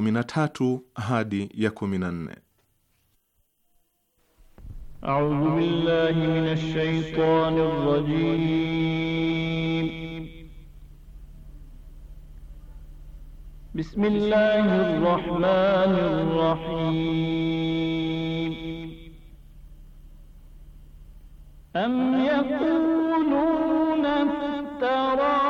13 hadi ya 14. A'udhu billahi minash shaitanir rajim. Bismillahir rahmanir rahim. Am yakuluna tara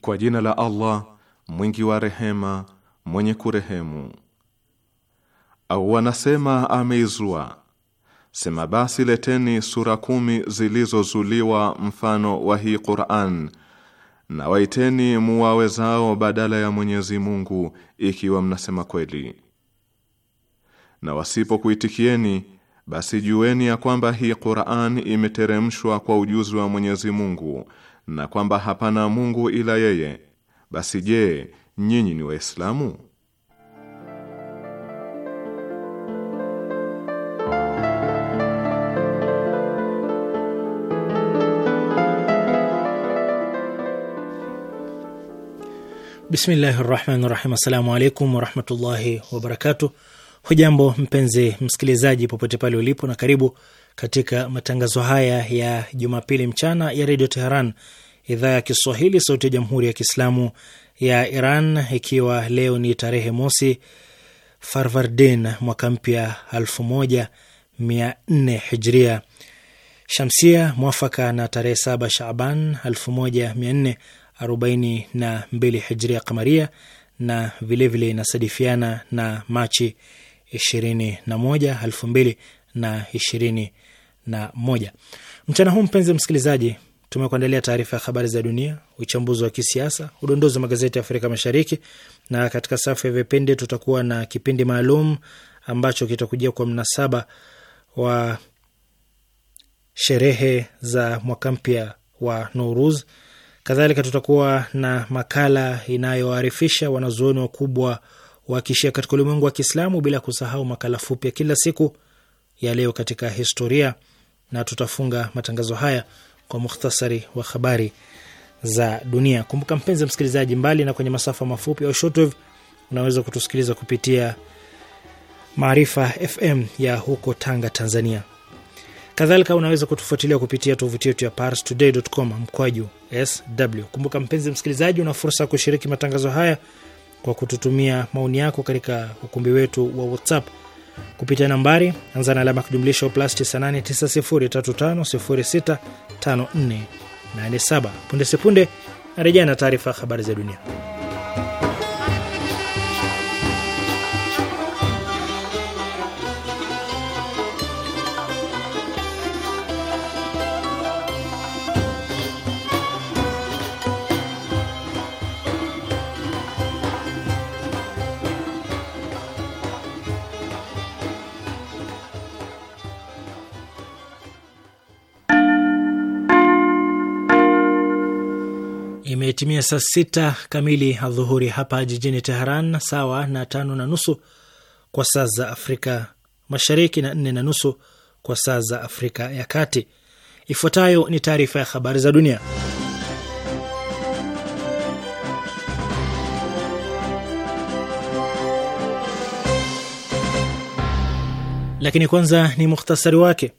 Kwa jina la Allah mwingi wa rehema mwenye kurehemu. Au wanasema ameizua. Sema basi leteni sura kumi zilizozuliwa mfano wa hii Qur'an na waiteni muwawezao badala ya Mwenyezi Mungu ikiwa mnasema kweli na wasipokuitikieni basi jueni ya kwamba hii Qur'an imeteremshwa kwa ujuzi wa Mwenyezi Mungu na kwamba hapana Mungu ila yeye. Basi je, nyinyi ni Waislamu? Bismillahir Rahmanir Rahim. Assalamu alaykum wa rahmatullahi wa barakatuh. Hujambo mpenzi msikilizaji, popote pale ulipo, na karibu katika matangazo haya ya Jumapili mchana ya Redio Teheran, idhaa ya Kiswahili, sauti ya Jamhuri ya Kiislamu ya Iran, ikiwa leo ni tarehe mosi Farvardin mwaka mpya 14 Hijria Shamsia, mwafaka na tarehe 7 Shaban 1442 Hijria Kamaria, na vilevile inasadifiana na Machi ishirini na moja elfu mbili na ishirini na moja. Mchana huu mpenzi msikilizaji, tumekuandalia taarifa ya habari za dunia, uchambuzi wa kisiasa, udondozi wa magazeti ya Afrika Mashariki, na katika safu ya vipindi tutakuwa na kipindi maalum ambacho kitakujia kwa mnasaba wa sherehe za mwaka mpya wa Nouruz. Kadhalika tutakuwa na makala inayoarifisha wanazuoni wakubwa wa kishia katika ulimwengu wa Kiislamu, bila kusahau makala fupi ya kila siku ya leo katika historia, na tutafunga matangazo haya kwa mukhtasari wa habari za dunia. Kumbuka mpenzi msikilizaji, mbali na kwenye masafa mafupi au shortwave, unaweza kutusikiliza kupitia Maarifa FM ya huko Tanga, Tanzania. Kadhalika unaweza kutufuatilia kupitia tovuti yetu ya parstoday.com mkwaju sw. Kumbuka mpenzi msikilizaji, una fursa ya kushiriki matangazo haya kwa kututumia maoni yako katika ukumbi wetu wa WhatsApp kupitia nambari anza na alama kujumlisha plus 989035065487. Punde sepunde narejea na taarifa ya habari za dunia. Imetimia saa sita kamili adhuhuri hapa jijini Teheran, sawa na tano na nusu kwa saa za Afrika Mashariki na nne na nusu kwa saa za Afrika ya Kati. Ifuatayo ni taarifa ya habari za dunia, lakini kwanza ni muhtasari wake.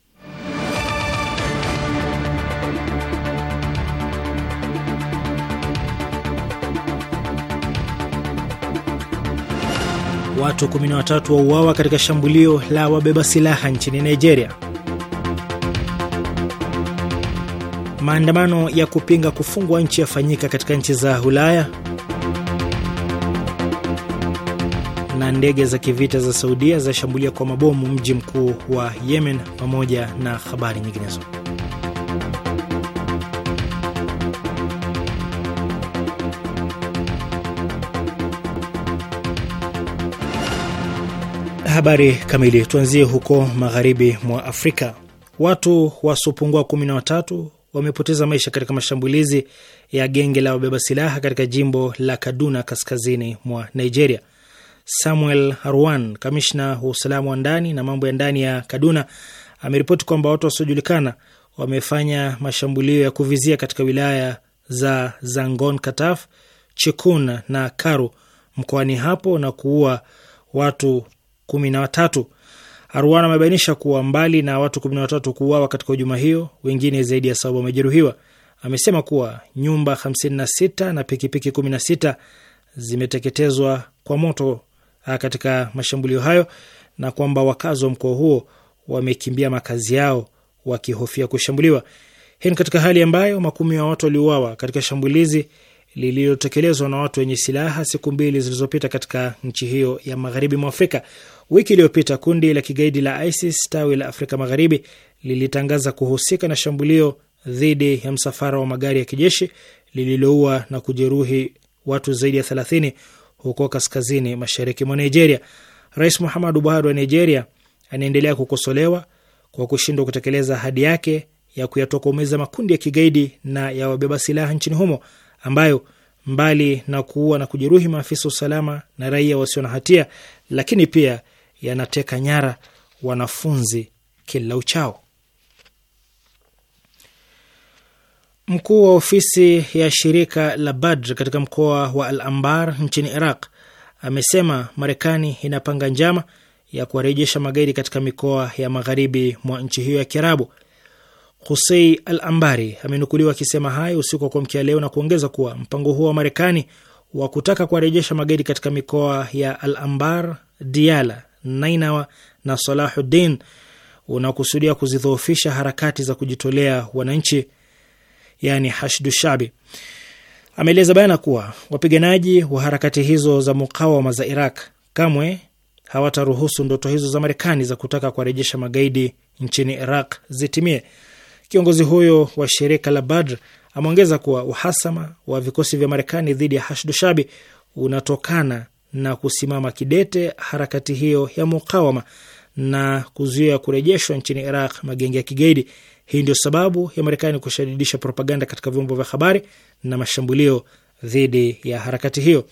Watu 13 wauawa katika shambulio la wabeba silaha nchini Nigeria. Maandamano ya kupinga kufungwa nchi yafanyika katika nchi za Ulaya. Na ndege za kivita za Saudia zashambulia kwa mabomu mji mkuu wa Yemen, pamoja na habari nyinginezo. Habari kamili, tuanzie huko magharibi mwa Afrika. Watu wasiopungua kumi na watatu wamepoteza maisha katika mashambulizi ya genge la wabeba silaha katika jimbo la Kaduna kaskazini mwa Nigeria. Samuel Arwan, kamishna wa usalama wa ndani na mambo ya ndani ya Kaduna, ameripoti kwamba watu wasiojulikana wamefanya mashambulio ya kuvizia katika wilaya za Zangon Kataf, Chikun na Karu mkoani hapo na kuua watu kumi na watatu. Arwan amebainisha kuwa mbali na watu kumi na watatu kuuawa katika hujuma hiyo, wengine zaidi ya saba wamejeruhiwa. Amesema kuwa nyumba 56 na pikipiki 16 zimeteketezwa kwa moto ah, katika mashambulio hayo na kwamba wakazi wa mkoa huo wamekimbia makazi yao wakihofia kushambuliwa. Hii ni katika hali ambayo makumi ya watu waliuawa katika shambulizi lililotekelezwa na watu wenye silaha siku mbili zilizopita katika nchi hiyo ya magharibi mwa Afrika. Wiki iliyopita kundi la kigaidi la ISIS tawi la Afrika Magharibi lilitangaza kuhusika na shambulio dhidi ya msafara wa magari ya kijeshi lililoua na kujeruhi watu zaidi ya 30 huko kaskazini mashariki mwa Nigeria. Rais Muhammadu Buhari wa Nigeria anaendelea kukosolewa kwa kushindwa kutekeleza ahadi yake ya kuyatokomeza makundi ya kigaidi na ya wabeba silaha nchini humo ambayo mbali na kuua na kujeruhi maafisa usalama na raia wasio na hatia, lakini pia yanateka nyara wanafunzi kila uchao. Mkuu wa ofisi ya shirika la Badr katika mkoa wa Al Ambar nchini Iraq amesema Marekani inapanga njama ya kuwarejesha magaidi katika mikoa ya magharibi mwa nchi hiyo ya Kiarabu. Husei Al Ambari amenukuliwa akisema hayo usiku wa kuamkia leo na kuongeza kuwa mpango huo wa Marekani wa kutaka kuwarejesha magaidi katika mikoa ya Al Ambar, Diala, Nainawa na Salahuddin unakusudia kuzidhoofisha harakati za kujitolea wananchi, yani Hashdu Shabi. Ameeleza bayana kuwa wapiganaji wa harakati hizo za mukawama za Iraq kamwe hawataruhusu ndoto hizo za Marekani za kutaka kuwarejesha magaidi nchini Iraq zitimie. Kiongozi huyo wa shirika la Badr ameongeza kuwa uhasama wa vikosi vya Marekani dhidi ya Hashdu Shabi unatokana na kusimama kidete harakati hiyo ya mukawama na kuzuia kurejeshwa nchini Iraq magenge ya kigaidi. Hii ndio sababu ya Marekani kushadidisha propaganda katika vyombo vya habari na mashambulio dhidi ya harakati hiyo.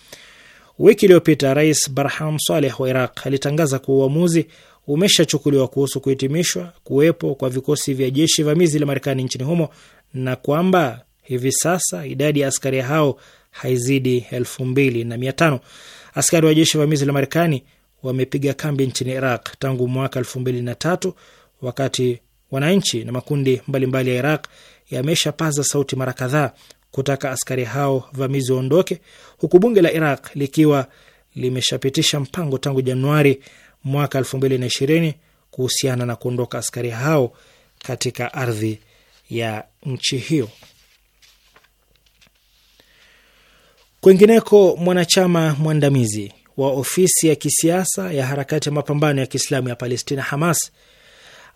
Wiki iliyopita Rais Barham Saleh wa Iraq alitangaza kuwa uamuzi umeshachukuliwa kuhusu kuhitimishwa kuwepo kwa vikosi vya jeshi vamizi la Marekani nchini humo na kwamba hivi sasa idadi ya askari hao haizidi elfu mbili na mia tano. Askari wa jeshi vamizi la Marekani wamepiga kambi nchini Iraq tangu mwaka elfu mbili na tatu wakati wananchi na makundi mbalimbali mbali ya Iraq yameshapaza sauti mara kadhaa kutaka askari hao vamizi waondoke, huku bunge la Iraq likiwa limeshapitisha mpango tangu Januari mwaka ishirini kuhusiana na kuondoka askari hao katika ardhi ya nchi hiyo. Kwingineko, mwanachama mwandamizi wa ofisi ya kisiasa ya harakati ya mapambano ya Kiislamu ya Palestina, Hamas,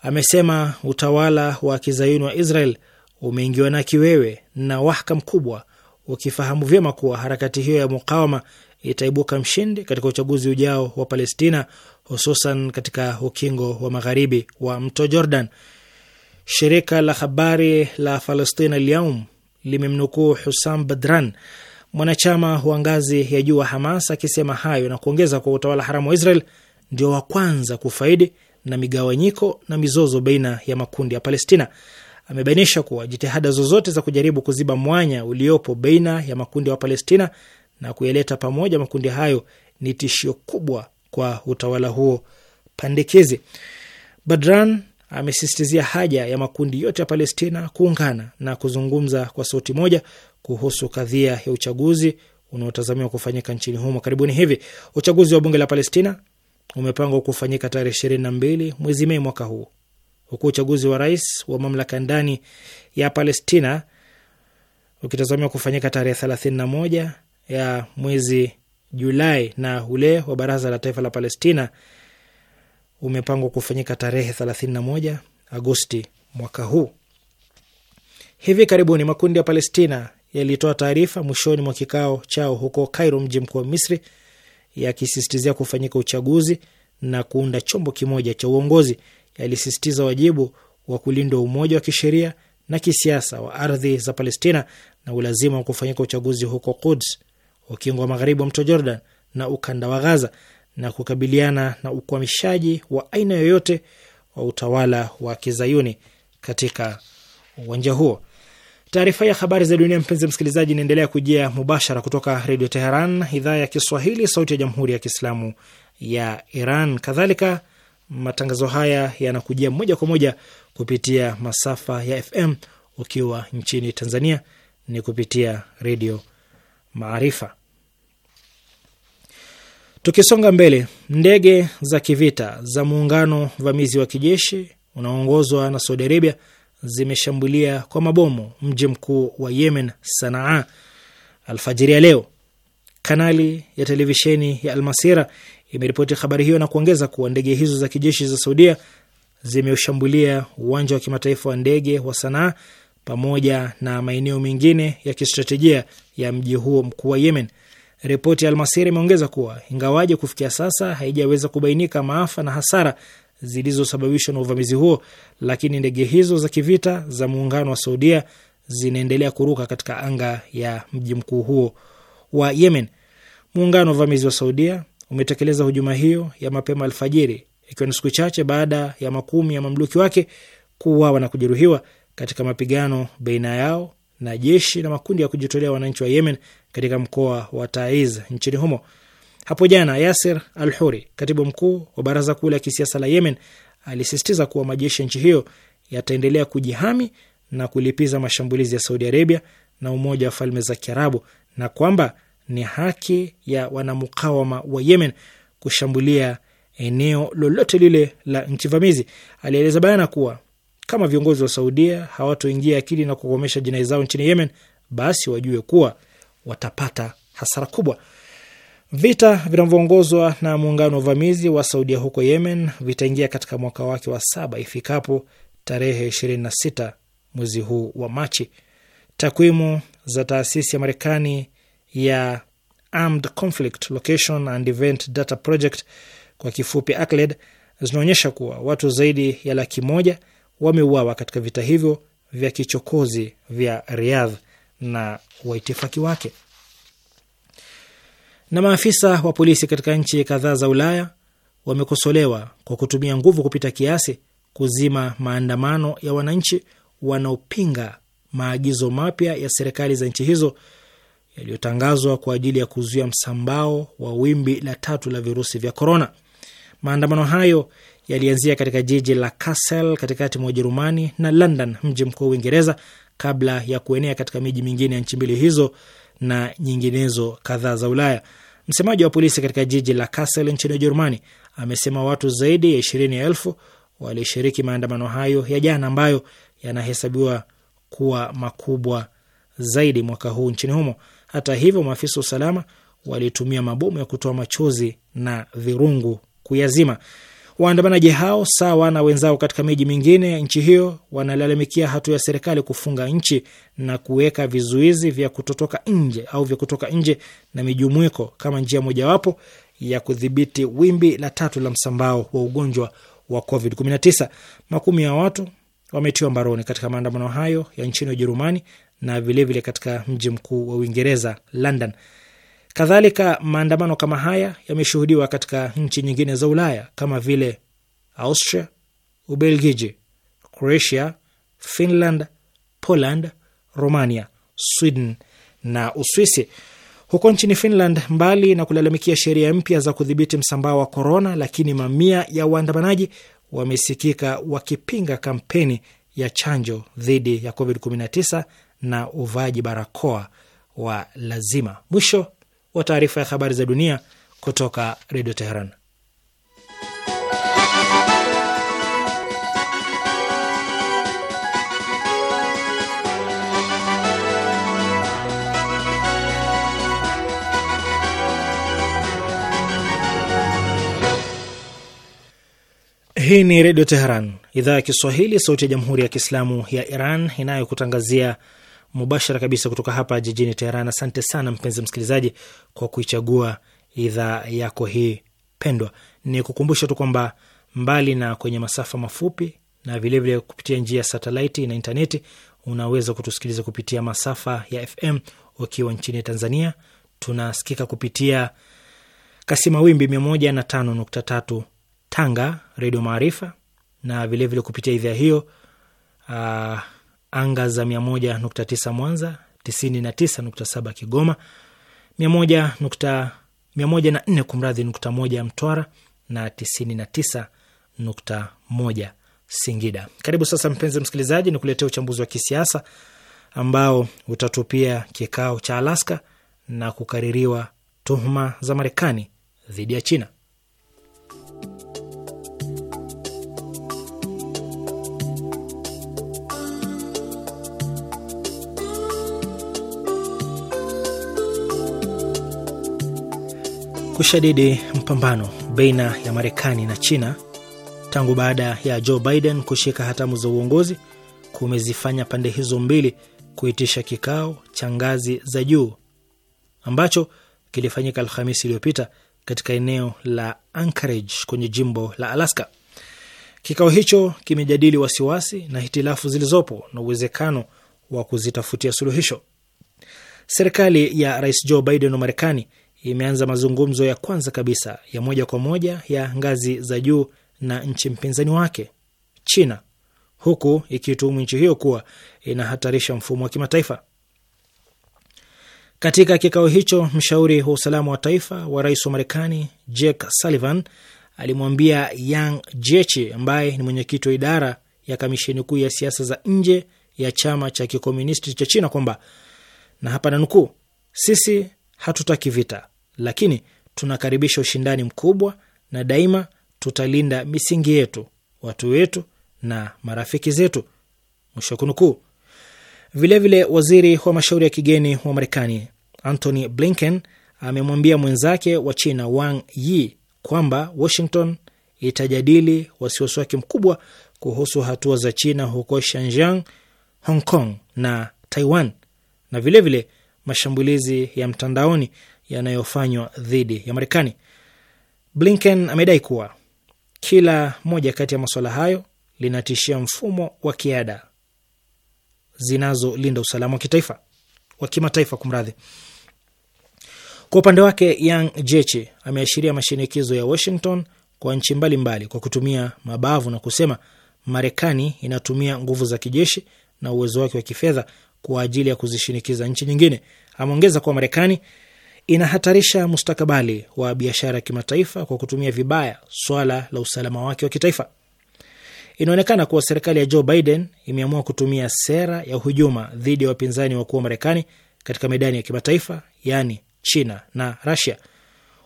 amesema utawala wa kizayuni wa Israel umeingiwa na kiwewe na wahka mkubwa, ukifahamu vyema kuwa harakati hiyo ya mukawama itaibuka mshindi katika uchaguzi ujao wa Palestina, hususan katika ukingo wa magharibi wa mto Jordan. Shirika la habari la Falestina Alyaum limemnukuu Husam Badran, mwanachama wa ngazi ya juu wa Hamas, akisema hayo na kuongeza kwa utawala haramu wa Israel ndio wa kwanza kufaidi na migawanyiko na mizozo baina ya makundi ya Palestina amebainisha kuwa jitihada zozote za kujaribu kuziba mwanya uliopo baina ya makundi wa palestina na kuyaleta pamoja makundi hayo ni tishio kubwa kwa utawala huo pandekezi. Badran amesisitizia haja ya makundi yote ya Palestina kuungana na kuzungumza kwa sauti moja kuhusu kadhia ya uchaguzi unaotazamiwa kufanyika nchini humo karibuni hivi. Uchaguzi wa bunge la Palestina umepangwa kufanyika tarehe ishirini na mbili mwezi Mei mwaka huu huku uchaguzi wa rais wa mamlaka ndani ya Palestina ukitazamiwa kufanyika tarehe thelathini moja ya mwezi Julai na ule wa baraza la taifa la Palestina umepangwa kufanyika tarehe moja Agosti mwaka huu. Hivi karibuni makundi ya Palestina yalitoa taarifa mwishoni mwa kikao chao huko Cairo, mji mkuu wa Misri, yakisisitizia kufanyika uchaguzi na kuunda chombo kimoja cha uongozi yalisisitiza wajibu wa kulindwa umoja wa kisheria na kisiasa wa ardhi za Palestina na ulazima wa kufanyika uchaguzi huko Quds, ukingo wa magharibi wa mto Jordan na ukanda wa Gaza, na kukabiliana na ukwamishaji wa aina yoyote wa utawala wa kizayuni katika uwanja huo. Taarifa ya habari za dunia, mpenzi msikilizaji, inaendelea kujia mubashara kutoka Redio Teheran, idhaa ya Kiswahili, sauti ya jamhuri ya kiislamu ya Iran. Kadhalika Matangazo haya yanakujia moja kwa moja kupitia masafa ya FM. Ukiwa nchini Tanzania ni kupitia Redio Maarifa. Tukisonga mbele, ndege za kivita za muungano vamizi wa kijeshi unaoongozwa na Saudi Arabia zimeshambulia kwa mabomu mji mkuu wa Yemen, Sanaa, alfajiri ya leo. Kanali ya televisheni ya Almasira imeripoti habari hiyo na kuongeza kuwa ndege hizo za kijeshi za Saudia zimeushambulia uwanja wa kimataifa wa ndege wa Sanaa pamoja na maeneo mengine ya kistratejia ya mji huo mkuu wa Yemen. Ripoti ya Almasiri imeongeza kuwa ingawaje kufikia sasa haijaweza kubainika maafa na hasara zilizosababishwa na uvamizi huo, lakini ndege hizo za kivita za muungano wa Saudia zinaendelea kuruka katika anga ya mji mkuu huo wa Yemen. Muungano wa uvamizi wa Saudia umetekeleza hujuma hiyo ya mapema alfajiri, ikiwa ni siku chache baada ya makumi ya mamluki wake kuuawa na kujeruhiwa katika mapigano baina yao na jeshi na makundi ya kujitolea wananchi wa Yemen katika mkoa wa Taiz nchini humo. Hapo jana, Yasir Al-Huri, katibu mkuu wa baraza kuu la kisiasa la Yemen, alisisitiza kuwa majeshi ya nchi hiyo yataendelea kujihami na kulipiza mashambulizi ya Saudi Arabia na Umoja wa Falme za Kiarabu na kwamba ni haki ya wanamukawama wa Yemen kushambulia eneo lolote lile la nchi vamizi. Alieleza bayana kuwa kama viongozi wa Saudia hawatoingia akili na kukomesha jinai zao nchini Yemen, basi wajue kuwa watapata hasara kubwa. Vita vinavyoongozwa na muungano wa uvamizi wa Saudia huko Yemen vitaingia katika mwaka wake wa saba ifikapo tarehe 26 mwezi huu wa Machi. Takwimu za taasisi ya Marekani ya Armed Conflict Location and Event Data Project kwa kifupi ACLED zinaonyesha kuwa watu zaidi ya laki moja wameuawa katika vita hivyo vya kichokozi vya Riyadh na waitifaki wake. Na maafisa wa polisi katika nchi kadhaa za Ulaya wamekosolewa kwa kutumia nguvu kupita kiasi kuzima maandamano ya wananchi wanaopinga maagizo mapya ya serikali za nchi hizo yaliyotangazwa kwa ajili ya kuzuia msambao wa wimbi la tatu la virusi vya korona. Maandamano hayo yalianzia katika jiji la Kassel katikati mwa Ujerumani na London, mji mkuu wa Uingereza, kabla ya kuenea katika miji mingine ya nchi mbili hizo na nyinginezo kadhaa za Ulaya. Msemaji wa polisi katika jiji la Kassel nchini Ujerumani amesema watu zaidi ya ishirini elfu walishiriki maandamano hayo ya jana ambayo yanahesabiwa kuwa makubwa zaidi mwaka huu nchini humo. Hata hivyo, maafisa wa usalama walitumia mabomu ya kutoa machozi na virungu kuyazima. Waandamanaji hao sawa na wenzao katika miji mingine ya nchi hiyo wanalalamikia hatua ya serikali kufunga nchi na kuweka vizuizi vya kutotoka nje au vya kutoka nje na mijumuiko kama njia mojawapo ya kudhibiti wimbi la tatu la msambao wa ugonjwa wa COVID-19. Makumi ya watu wametiwa mbaroni katika maandamano hayo ya nchini Ujerumani na vilevile vile katika mji mkuu wa Uingereza, London. Kadhalika, maandamano kama haya yameshuhudiwa katika nchi nyingine za Ulaya kama vile Austria, Ubelgiji, Croatia, Finland, Poland, Romania, Sweden na Uswisi. Huko nchini Finland, mbali na kulalamikia sheria mpya za kudhibiti msambao wa korona, lakini mamia ya waandamanaji wamesikika wakipinga kampeni ya chanjo dhidi ya COVID-19 na uvaaji barakoa wa lazima. Mwisho wa taarifa ya habari za dunia kutoka Redio Teheran. Hii ni Redio Teheran, idhaa ya Kiswahili, sauti ya Jamhuri ya Kiislamu ya Iran inayokutangazia mubashara kabisa kutoka hapa jijini Teheran. Asante sana mpenzi msikilizaji kwa kuichagua idhaa yako hii pendwa. Ni kukumbusha tu kwamba mbali na kwenye masafa mafupi na vilevile kupitia njia ya satelaiti na intaneti, unaweza kutusikiliza kupitia masafa ya FM. Ukiwa nchini Tanzania tunasikika kupitia kasima wimbi mia moja na tano nukta tatu Tanga, Redio Maarifa, na vilevile vile kupitia idhaa hiyo uh, anga za 101.9 Mwanza, 99.7 Kigoma, 104 kumradhi nukta moja Mtwara na 99.1 Singida. Karibu sasa, mpenzi msikilizaji, ni kuletea uchambuzi wa kisiasa ambao utatupia kikao cha Alaska na kukaririwa tuhuma za Marekani dhidi ya China. kushadidi mpambano baina ya Marekani na China tangu baada ya Joe Biden kushika hatamu za uongozi kumezifanya pande hizo mbili kuitisha kikao cha ngazi za juu ambacho kilifanyika Alhamisi iliyopita katika eneo la Anchorage kwenye jimbo la Alaska. Kikao hicho kimejadili wasiwasi na hitilafu zilizopo na uwezekano wa kuzitafutia suluhisho. Serikali ya Rais Joe Biden wa Marekani imeanza mazungumzo ya kwanza kabisa ya moja kwa moja ya ngazi za juu na nchi mpinzani wake China, huku ikiituhumu nchi hiyo kuwa inahatarisha mfumo wa kimataifa. Katika kikao hicho, mshauri wa usalama wa taifa wa rais wa Marekani Jake Sullivan alimwambia Yang Jiechi ambaye ni mwenyekiti wa idara ya kamisheni kuu ya siasa za nje ya chama cha kikomunisti cha China kwamba, na hapa nanukuu, sisi hatutaki vita, lakini tunakaribisha ushindani mkubwa na daima tutalinda misingi yetu, watu wetu na marafiki zetu, mwisho kunukuu. Vilevile, waziri wa mashauri ya kigeni wa Marekani Antony Blinken amemwambia mwenzake wa China Wang Yi kwamba Washington itajadili wasiwasi wake mkubwa kuhusu hatua za China huko Xinjiang, Hong Kong na Taiwan na vilevile vile mashambulizi ya mtandaoni yanayofanywa dhidi ya Marekani. Blinken amedai kuwa kila moja kati ya masuala hayo linatishia mfumo wa kiada zinazolinda usalama wa kitaifa wa kimataifa, kumradhi. Kwa upande wake, Yang Jechi ameashiria mashinikizo ya Washington kwa nchi mbalimbali kwa kutumia mabavu na kusema Marekani inatumia nguvu za kijeshi na uwezo wake wa kifedha kwa ajili ya kuzishinikiza nchi nyingine. Ameongeza kuwa Marekani inahatarisha mustakabali wa biashara ya kimataifa kwa kutumia vibaya swala la usalama wake wa kitaifa. Inaonekana kuwa serikali ya Joe Biden imeamua kutumia sera ya hujuma dhidi ya wapinzani wakuu wa Marekani katika medani ya kimataifa, yaani China na rasia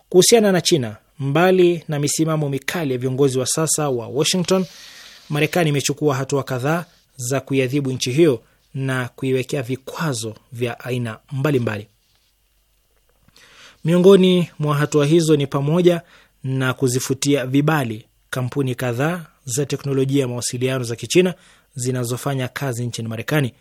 Kuhusiana na China, mbali na misimamo mikali ya viongozi wa sasa wa Washington, Marekani imechukua hatua kadhaa za kuiadhibu nchi hiyo na kuiwekea vikwazo vya aina mbalimbali mbali. Miongoni mwa hatua hizo ni pamoja na kuzifutia vibali kampuni kadhaa za teknolojia ya mawasiliano za Kichina zinazofanya kazi nchini Marekani,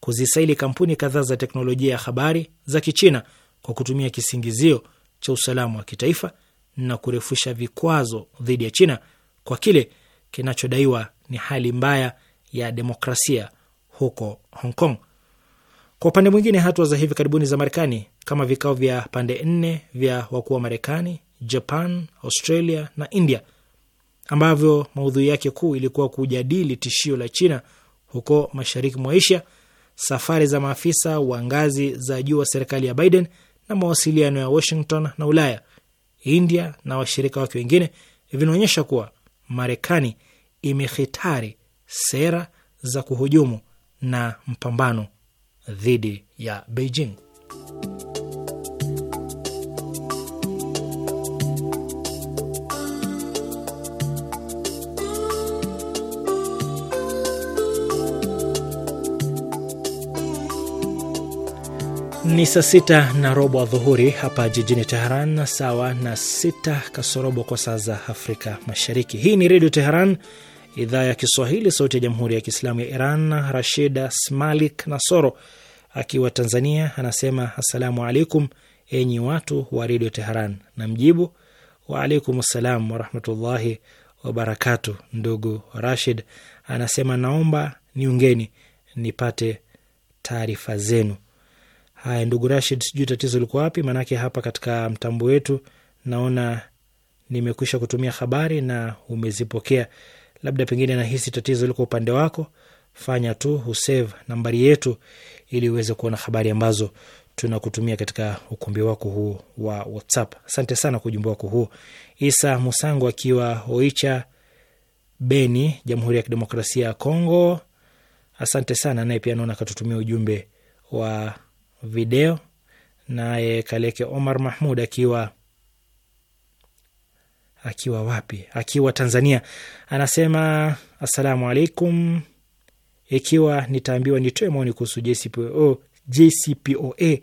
kuzisaili kampuni kadhaa za teknolojia ya habari za Kichina kwa kutumia kisingizio cha usalama wa kitaifa na kurefusha vikwazo dhidi ya China kwa kile kinachodaiwa ni hali mbaya ya demokrasia huko Hong Kong. Kwa upande mwingine, hatua za hivi karibuni za Marekani kama vikao vya pande nne vya wakuu wa Marekani, Japan, Australia na India ambavyo maudhui yake kuu ilikuwa kujadili tishio la China huko mashariki mwa Asia, safari za maafisa wa ngazi za juu wa serikali ya Biden na mawasiliano ya Washington na Ulaya, India na washirika wake wengine vinaonyesha kuwa Marekani imehitari sera za kuhujumu na mpambano dhidi ya Beijing. Ni saa sita na robo adhuhuri hapa jijini Teheran, sawa na sita kasorobo kwa saa za Afrika Mashariki. Hii ni Redio Teheran, idhaa ya Kiswahili, sauti ya Jamhuri ya Kiislamu ya Iran. Rashida Smalik Nasoro akiwa Tanzania anasema assalamu alaikum, enyi watu wa redio Teheran, na mjibu waalaikum ssalam warahmatullahi wabarakatu. Ndugu Rashid anasema naomba niungeni nipate taarifa zenu. Haya, ndugu Rashid, sijui tatizo liko wapi, maanake hapa katika mtambo wetu naona nimekwisha kutumia habari na umezipokea. Labda pengine nahisi tatizo liko upande wako. Fanya tu husave nambari yetu ili uweze kuona habari ambazo tunakutumia katika ukumbi wako huu wa WhatsApp. Asante sana kwa ujumbe wako huo. Isa Musango akiwa Oicha, Beni, Jamhuri ya Kidemokrasia ya Kongo, asante sana. Naye pia naona akatutumia ujumbe wa video. Naye Kaleke Omar Mahmud akiwa akiwa wapi? Akiwa Tanzania, anasema assalamu alaikum ikiwa nitaambiwa nitoe maoni kuhusu JCPOA, JCPOA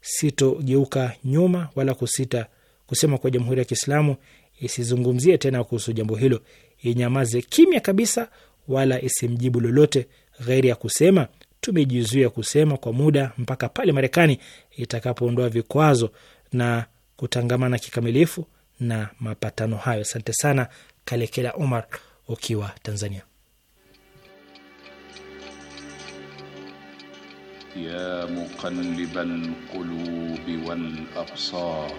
sitogeuka nyuma wala kusita kusema kwa Jamhuri ya Kiislamu isizungumzie tena kuhusu jambo hilo, inyamaze kimya kabisa, wala isimjibu lolote ghairi ya kusema tumejizuia kusema kwa muda mpaka pale Marekani itakapoondoa vikwazo na kutangamana kikamilifu na mapatano hayo. Asante sana Kalekela Omar ukiwa Tanzania. يا مقلب القلوب والابصار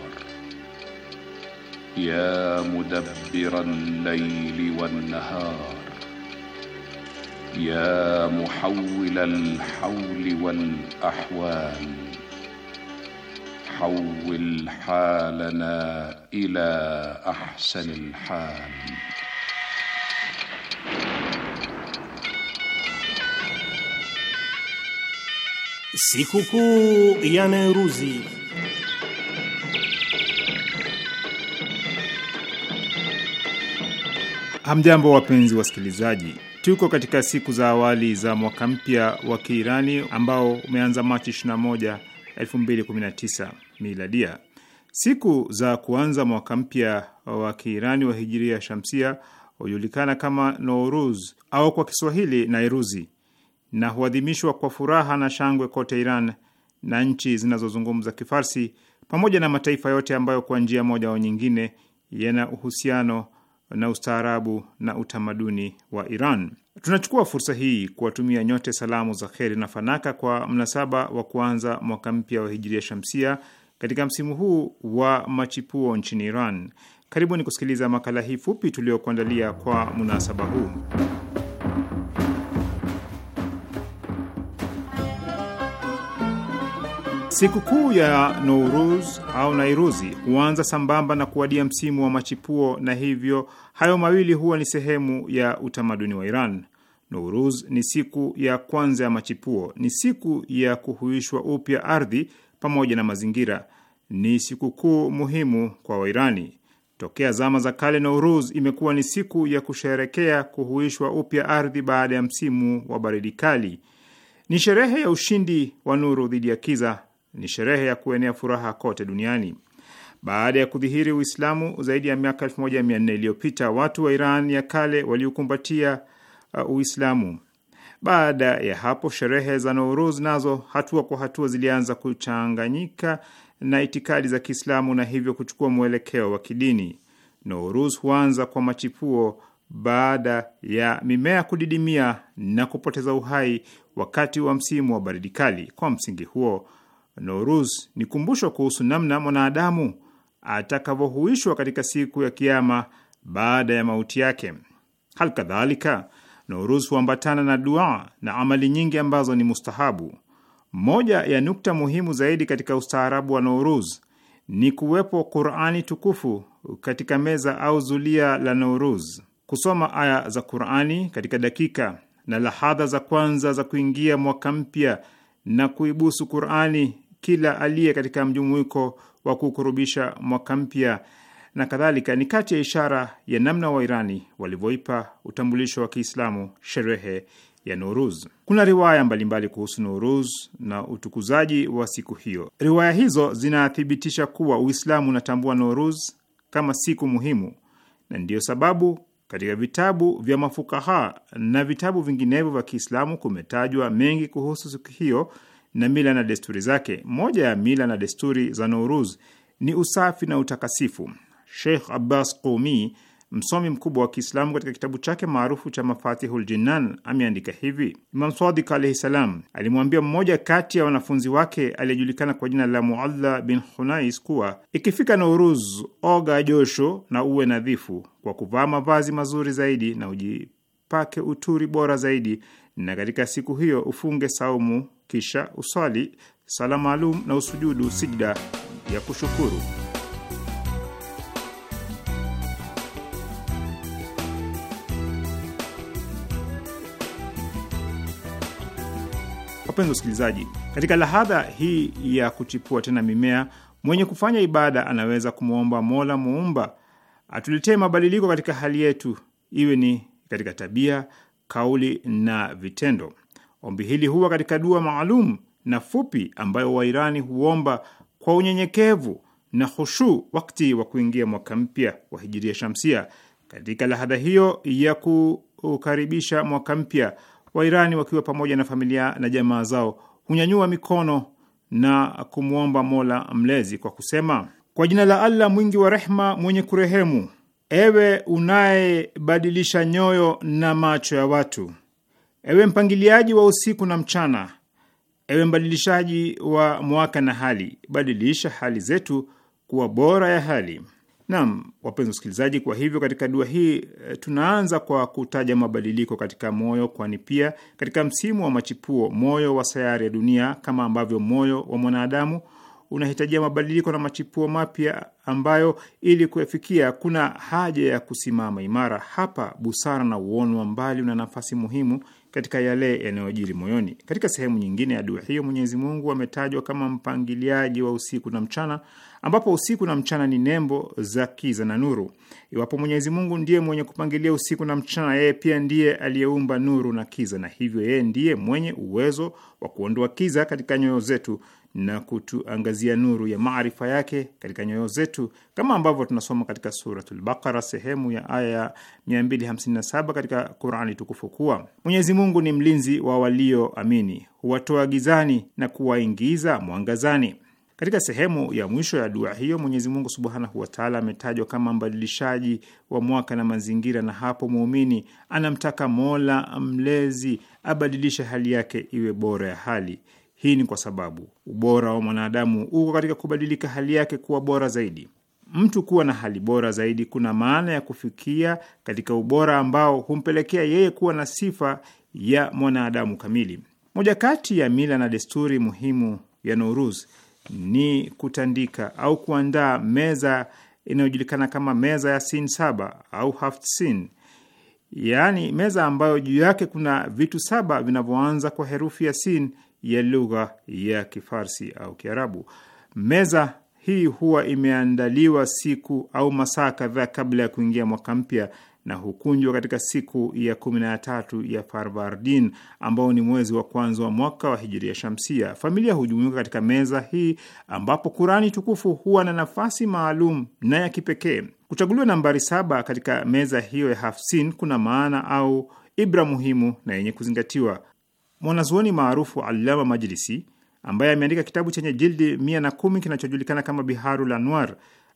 يا مدبر الليل والنهار يا محول الحول والاحوال حول حالنا الى احسن الحال Sikukuu ya Nairuzi. Hamjambo wapenzi wasikilizaji. Tuko katika siku za awali za mwaka mpya wa Kiirani ambao umeanza Machi 21, 2019 miladia. Siku za kuanza mwaka mpya wa Kiirani wa hijiria shamsia hujulikana kama Nouruz au kwa Kiswahili Nairuzi na huadhimishwa kwa furaha na shangwe kote Iran na nchi zinazozungumza Kifarsi pamoja na mataifa yote ambayo kwa njia moja au nyingine yana uhusiano na ustaarabu na utamaduni wa Iran. Tunachukua fursa hii kuwatumia nyote salamu za kheri na fanaka kwa mnasaba wa kuanza mwaka mpya wa Hijiria Shamsia katika msimu huu wa machipuo nchini Iran. Karibuni kusikiliza makala hii fupi tuliyokuandalia kwa munasaba huu. Sikukuu ya Nouruz au Nairuzi huanza sambamba na kuwadia msimu wa machipuo, na hivyo hayo mawili huwa ni sehemu ya utamaduni wa Iran. Nouruz ni siku ya kwanza ya machipuo, ni siku ya kuhuishwa upya ardhi pamoja na mazingira. Ni sikukuu muhimu kwa Wairani. Tokea zama za kale, Nouruz imekuwa ni siku ya kusherekea kuhuishwa upya ardhi baada ya msimu wa baridi kali. Ni sherehe ya ushindi wa nuru dhidi ya kiza ni sherehe ya kuenea furaha kote duniani. Baada ya kudhihiri Uislamu zaidi ya miaka 1400 iliyopita, watu wa Iran ya kale waliokumbatia uh, Uislamu. Baada ya hapo, sherehe za Nouruz nazo hatua kwa hatua zilianza kuchanganyika na itikadi za Kiislamu na hivyo kuchukua mwelekeo wa kidini. Nouruz huanza kwa machipuo baada ya mimea kudidimia na kupoteza uhai wakati wa msimu wa baridi kali. Kwa msingi huo Noruz ni kumbusho kuhusu namna mwanadamu atakavyohuishwa katika siku ya Kiama baada ya mauti yake. Hal kadhalika Noruz huambatana na dua na amali nyingi ambazo ni mustahabu. Moja ya nukta muhimu zaidi katika ustaarabu wa Noruz ni kuwepo Qurani tukufu katika meza au zulia la Noruz. Kusoma aya za Qurani katika dakika na lahadha za kwanza za kuingia mwaka mpya na kuibusu Qurani kila aliye katika mjumuiko wa kukurubisha mwaka mpya na kadhalika, ni kati ya ishara ya namna Wairani walivyoipa utambulisho wa Kiislamu sherehe ya Nuruz. Kuna riwaya mbalimbali mbali kuhusu Nuruz na utukuzaji wa siku hiyo. Riwaya hizo zinathibitisha kuwa Uislamu unatambua Nuruz kama siku muhimu, na ndiyo sababu katika vitabu vya mafukaha na vitabu vinginevyo vya Kiislamu kumetajwa mengi kuhusu siku hiyo na mila na desturi zake. Moja ya mila na desturi za nouruz ni usafi na utakasifu. Sheikh Abbas Qumi, msomi mkubwa wa Kiislamu, katika kitabu chake maarufu cha Mafatihul Jinan ameandika hivi: Imam sadik alaihi salam alimwambia mmoja kati ya wanafunzi wake aliyejulikana kwa jina la Mualla bin Hunais kuwa ikifika nouruz oga josho na uwe nadhifu kwa kuvaa mavazi mazuri zaidi na ujipake uturi bora zaidi na katika siku hiyo ufunge saumu, kisha uswali sala maalum na usujudu sijda ya kushukuru. Wapenzi wasikilizaji, katika lahadha hii ya kuchipua tena mimea, mwenye kufanya ibada anaweza kumwomba Mola muumba atuletee mabadiliko katika hali yetu, iwe ni katika tabia, kauli na vitendo. Ombi hili huwa katika dua maalum na fupi ambayo Wairani huomba kwa unyenyekevu na hushu wakati wa kuingia mwaka mpya wa hijiria shamsia. Katika lahadha hiyo ya kukaribisha mwaka mpya, Wairani wakiwa pamoja na familia na jamaa zao hunyanyua mikono na kumwomba Mola Mlezi kwa kusema: kwa jina la Allah mwingi wa rehma, mwenye kurehemu ewe unayebadilisha nyoyo na macho ya watu, ewe mpangiliaji wa usiku na mchana, ewe mbadilishaji wa mwaka na hali, badilisha hali zetu kuwa bora ya hali. Naam, wapenzi wasikilizaji, kwa hivyo katika dua hii eh, tunaanza kwa kutaja mabadiliko katika moyo, kwani pia katika msimu wa machipuo moyo wa sayari ya dunia, kama ambavyo moyo wa mwanadamu unahitajia mabadiliko na machipuo mapya ambayo ili kuyafikia kuna haja ya kusimama imara. Hapa busara na uono wa mbali una nafasi muhimu katika yale yanayojiri moyoni. Katika sehemu nyingine ya dua hiyo, Mwenyezi Mungu ametajwa kama mpangiliaji wa usiku na mchana, ambapo usiku na mchana ni nembo za kiza na nuru. Iwapo Mwenyezi Mungu ndiye mwenye kupangilia usiku na mchana, yeye pia ndiye aliyeumba nuru na kiza, na hivyo yeye ndiye mwenye uwezo wa kuondoa kiza katika nyoyo zetu na kutuangazia nuru ya maarifa yake katika nyoyo zetu, kama ambavyo tunasoma katika Suratul Bakara sehemu ya aya ya 257 katika Qurani tukufu kuwa Mwenyezi Mungu ni mlinzi wa walioamini, huwatoa gizani na kuwaingiza mwangazani. Katika sehemu ya mwisho ya dua hiyo Mwenyezi Mungu subhanahu wataala ametajwa kama mbadilishaji wa mwaka na mazingira, na hapo muumini anamtaka Mola mlezi abadilishe hali yake iwe bora ya hali hii ni kwa sababu ubora wa mwanadamu uko katika kubadilika hali yake kuwa bora zaidi. Mtu kuwa na hali bora zaidi kuna maana ya kufikia katika ubora ambao humpelekea yeye kuwa na sifa ya mwanadamu kamili. Moja kati ya mila na desturi muhimu ya Nowruz ni kutandika au kuandaa meza inayojulikana kama meza ya sin saba au haft sin, yaani meza ambayo juu yake kuna vitu saba vinavyoanza kwa herufi ya sin ya lugha ya Kifarsi au Kiarabu. Meza hii huwa imeandaliwa siku au masaa kadhaa kabla ya kuingia mwaka mpya na hukunjwa katika siku ya kumi na tatu ya Farvardin ambao ni mwezi wa kwanza wa mwaka wa hijiria shamsia. Familia hujumuika katika meza hii ambapo Kurani tukufu huwa na nafasi maalum na ya kipekee. Kuchaguliwa nambari saba katika meza hiyo ya Hafsin kuna maana au ibra muhimu na yenye kuzingatiwa. Mwanazuoni maarufu Allama Majlisi ambaye ameandika kitabu chenye jildi mia na kumi kinachojulikana kama Biharul Anwar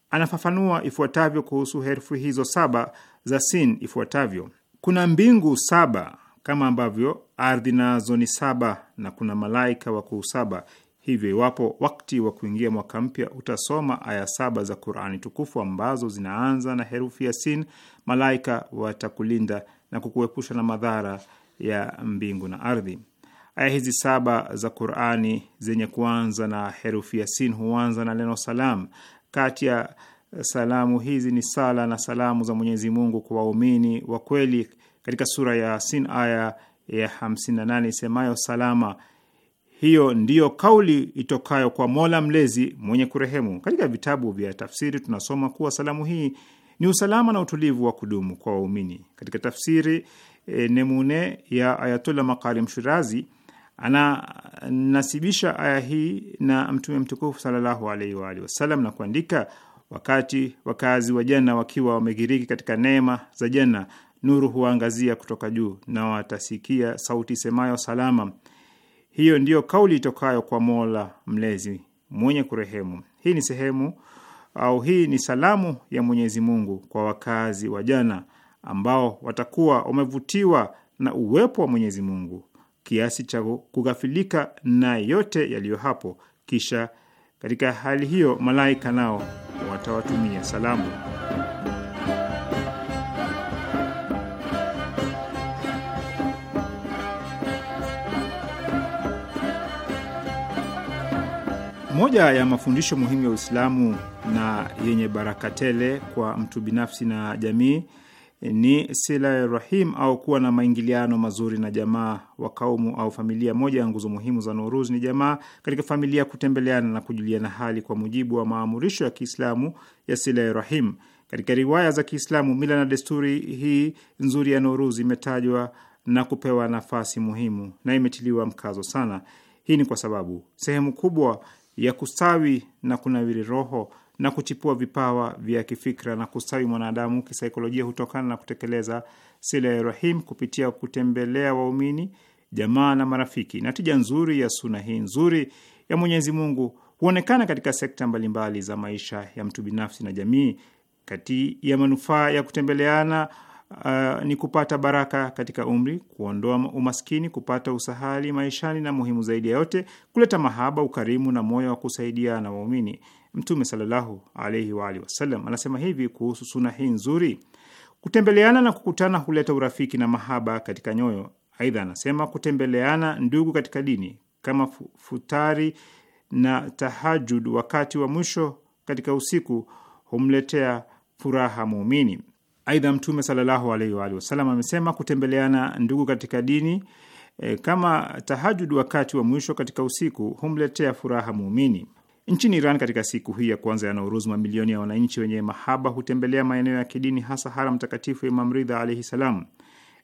anafafanua ifuatavyo kuhusu herufi hizo saba za Sin ifuatavyo: kuna mbingu saba kama ambavyo ardhi nazo ni saba, na kuna malaika wakuu saba. Hivyo iwapo wakati wa kuingia mwaka mpya utasoma aya saba za Qurani tukufu ambazo zinaanza na herufi ya Sin, malaika watakulinda na kukuepusha na madhara ya mbingu na ardhi. Aya hizi saba za Qurani zenye kuanza na herufi ya sin huanza na neno salam. Kati ya salamu hizi ni sala na salamu za Mwenyezi Mungu kwa waumini wa kweli katika sura ya Yasin aya ya 58 isemayo salama. Hiyo ndiyo kauli itokayo kwa Mola Mlezi mwenye kurehemu. Katika vitabu vya tafsiri tunasoma kuwa salamu hii ni usalama na utulivu wa kudumu kwa waumini. Katika tafsiri e, Nemune ya Ayatullah Makarim Shirazi Ananasibisha aya hii na Mtume mtukufu sallallahu alaihi wa alihi wasallam na kuandika, wakati wakazi wa Janna wakiwa wamegiriki katika neema za Janna, nuru huwaangazia kutoka juu na watasikia sauti semayo salama. Hiyo ndiyo kauli itokayo kwa Mola Mlezi mwenye kurehemu. Hii ni sehemu au hii ni salamu ya Mwenyezi Mungu kwa wakazi wa Janna ambao watakuwa wamevutiwa na uwepo wa Mwenyezi Mungu kiasi cha kughafilika na yote yaliyo hapo, kisha katika hali hiyo malaika nao watawatumia salamu. Moja ya mafundisho muhimu ya Uislamu na yenye baraka tele kwa mtu binafsi na jamii ni sila ya rahim au kuwa na maingiliano mazuri na jamaa wa kaumu au familia. Moja ya nguzo muhimu za Nuruz ni jamaa katika familia, kutembeleana na kujuliana hali kwa mujibu wa maamurisho ya Kiislamu ya sila ya rahim. Katika riwaya za Kiislamu, mila na desturi hii nzuri ya Nuruz imetajwa na kupewa nafasi muhimu na imetiliwa mkazo sana. Hii ni kwa sababu sehemu kubwa ya kustawi na kunawiri roho na kuchipua vipawa vya kifikra na kustawi mwanadamu kisaikolojia hutokana na kutekeleza sila ya Rahim kupitia kutembelea waumini, jamaa na marafiki. Na tija nzuri ya suna hii nzuri ya Mwenyezi Mungu huonekana katika sekta mbalimbali za maisha ya mtu binafsi na jamii. Kati ya manufaa ya kutembeleana Uh, ni kupata baraka katika umri, kuondoa umaskini, kupata usahali maishani, na muhimu zaidi ya yote, kuleta mahaba, ukarimu na moyo wa kusaidia na waumini. Mtume sallallahu alaihi wa alihi wasallam anasema hivi kuhusu suna hii nzuri: kutembeleana na kukutana huleta urafiki na mahaba katika nyoyo. Aidha anasema kutembeleana ndugu katika dini kama futari na tahajud wakati wa mwisho katika usiku humletea furaha muumini. Aidha, Mtume sallallahu alaihi wa alihi wasallam amesema kutembeleana ndugu katika dini e, kama tahajud wakati wa mwisho katika usiku humletea furaha muumini. Nchini Iran, katika siku hii ya kwanza ya Nauruz, mamilioni ya wananchi wenye mahaba hutembelea maeneo ya kidini, hasa haram takatifu ya Imam Ridha alaihi salam.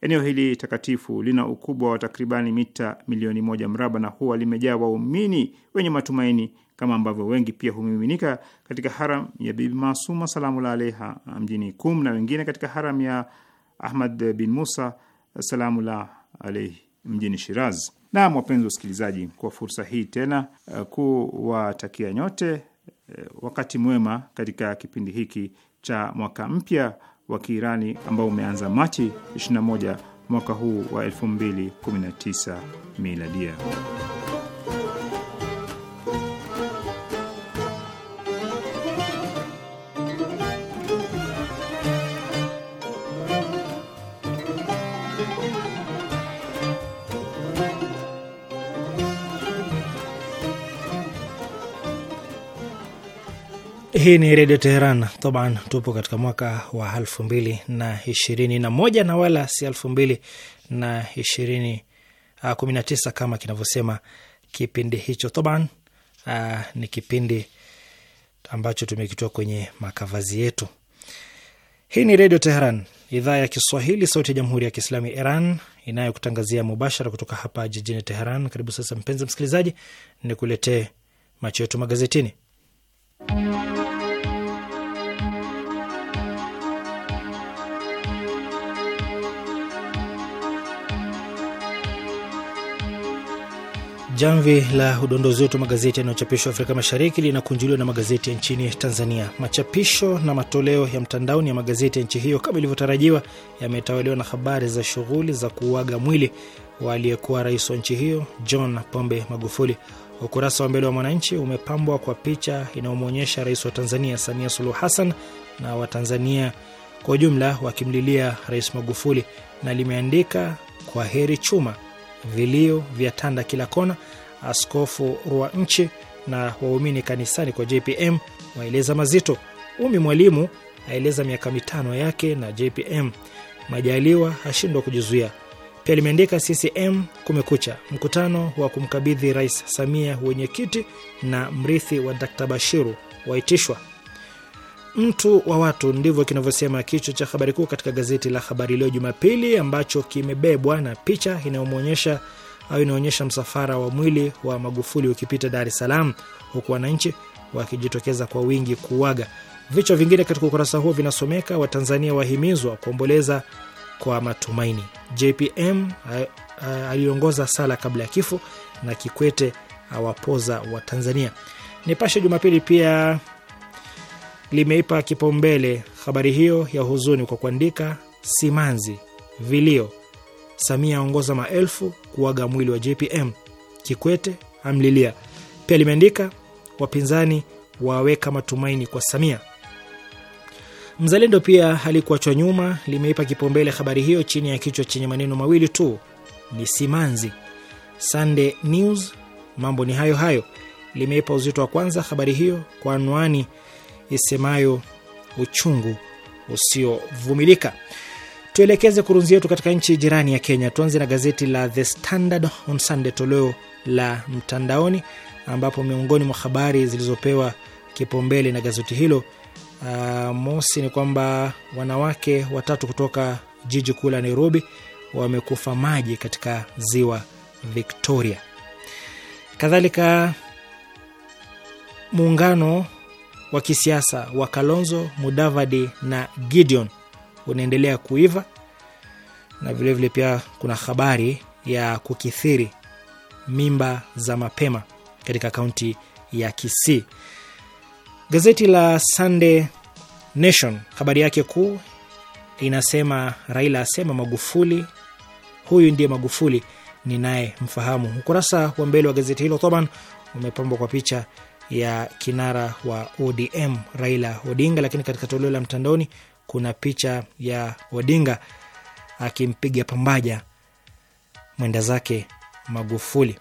Eneo hili takatifu lina ukubwa wa takribani mita milioni moja mraba na huwa limejaa waumini wenye matumaini, kama ambavyo wengi pia humiminika katika haram ya Bibi Masuma salamullah alaiha mjini Kum na wengine katika haram ya Ahmad bin Musa salamullah alaihi mjini Shiraz. Naam, wapenzi wasikilizaji, kwa fursa hii tena eh, kuwatakia nyote eh, wakati mwema katika kipindi hiki cha mwaka mpya wa Kiirani ambao umeanza Machi 21 mwaka huu wa 2019 miladia. Hii ni Redio Teheran taban, tupo katika mwaka wa elfu mbili na ishirini na moja na wala si elfu mbili na ishirini kumi na tisa kama kinavyosema kipindi hicho taban. Ah, ni kipindi ambacho tumekitoa kwenye makavazi yetu. Hii ni Redio Teheran, idhaa ya Kiswahili, sauti ya Jamhuri ya Kiislamu ya Iran inayokutangazia mubashara kutoka hapa jijini Teheran. Karibu sasa, mpenzi msikilizaji, ni kuletee macho yetu magazetini. Jamvi la udondozi wetu magazeti yanayochapishwa Afrika Mashariki linakunjuliwa na magazeti ya nchini Tanzania. Machapisho na matoleo ya mtandaoni ya magazeti ya nchi hiyo kama ilivyotarajiwa yametawaliwa na habari za shughuli za kuuaga mwili wa aliyekuwa rais wa nchi hiyo John Pombe Magufuli. Ukurasa wa mbele wa Mwananchi umepambwa kwa picha inayomwonyesha rais wa Tanzania Samia Suluhu Hassan na Watanzania kwa ujumla wakimlilia Rais Magufuli na limeandika kwa heri chuma vilio vya tanda kila kona, askofu rua nchi na waumini kanisani kwa JPM waeleza mazito. Umi Mwalimu aeleza miaka mitano yake na JPM. Majaliwa hashindwa kujizuia. Pia limeandika CCM kumekucha, mkutano wa kumkabidhi Rais Samia wenyekiti na mrithi wa Dkt Bashiru waitishwa mtu wa watu, ndivyo kinavyosema kichwa cha habari kuu katika gazeti la Habari Leo Jumapili, ambacho kimebebwa na picha inayomwonyesha au inaonyesha msafara wa mwili wa Magufuli ukipita Dar es Salaam, huku wananchi wakijitokeza kwa wingi kuuaga. Vichwa vingine katika ukurasa huo vinasomeka: Watanzania wahimizwa kuomboleza kwa matumaini, JPM aliongoza sala kabla ya kifo, na Kikwete awapoza Watanzania. Nipashe Jumapili pia limeipa kipaumbele habari hiyo ya huzuni kwa kuandika simanzi, vilio, Samia aongoza maelfu kuaga mwili wa JPM, Kikwete amlilia. Pia limeandika wapinzani waweka matumaini kwa Samia. Mzalendo pia halikuachwa nyuma, limeipa kipaumbele habari hiyo chini ya kichwa chenye maneno mawili tu, ni simanzi. Sunday News mambo ni hayo hayo, limeipa uzito wa kwanza habari hiyo kwa anwani isemayo uchungu usiovumilika. Tuelekeze kurunzi yetu katika nchi jirani ya Kenya. Tuanze na gazeti la The Standard on Sunday toleo la mtandaoni, ambapo miongoni mwa habari zilizopewa kipaumbele na gazeti hilo uh, mosi ni kwamba wanawake watatu kutoka jiji kuu la Nairobi wamekufa maji katika ziwa Victoria. Kadhalika, muungano wa kisiasa wa Kalonzo Mudavadi na Gideon unaendelea kuiva na vilevile vile pia kuna habari ya kukithiri mimba za mapema katika kaunti ya Kisii. Gazeti la Sunday Nation habari yake kuu inasema Raila asema Magufuli, huyu ndiye Magufuli ninaye mfahamu. Ukurasa wa mbele wa gazeti hilo toban umepambwa kwa picha ya kinara wa ODM Raila Odinga, lakini katika toleo la mtandaoni kuna picha ya Odinga akimpiga pambaja mwenda zake Magufuli.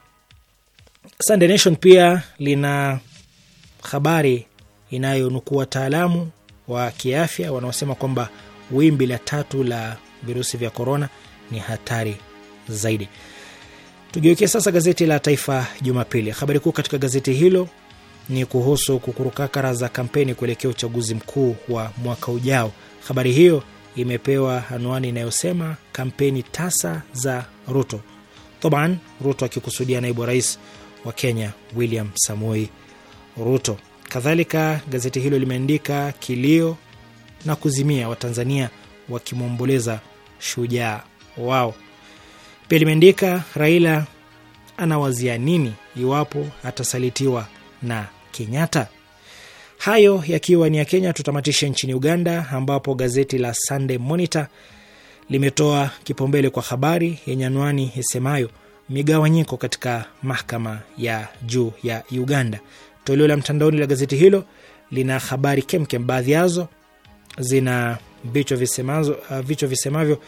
Sunday Nation pia lina habari inayonukuu wataalamu wa kiafya wanaosema kwamba wimbi la tatu la virusi vya korona ni hatari zaidi. Tugeukie sasa gazeti la Taifa Jumapili. Habari kuu katika gazeti hilo ni kuhusu kukurukakara za kampeni kuelekea uchaguzi mkuu wa mwaka ujao. Habari hiyo imepewa anwani inayosema kampeni tasa za Ruto Toban, Ruto akikusudia naibu rais wa Kenya William Samoei Ruto. Kadhalika, gazeti hilo limeandika kilio na kuzimia Watanzania wakimwomboleza shujaa wao. Pia limeandika Raila anawazia nini iwapo atasalitiwa na Kenyatta. Hayo yakiwa ni ya Kenya, tutamatishe nchini Uganda, ambapo gazeti la Sunday Monitor limetoa kipaumbele kwa habari yenye anwani isemayo migawanyiko katika mahakama ya juu ya Uganda. Toleo la mtandaoni la gazeti hilo lina habari kemkem, baadhi yazo zina vichwa uh, visemavyo: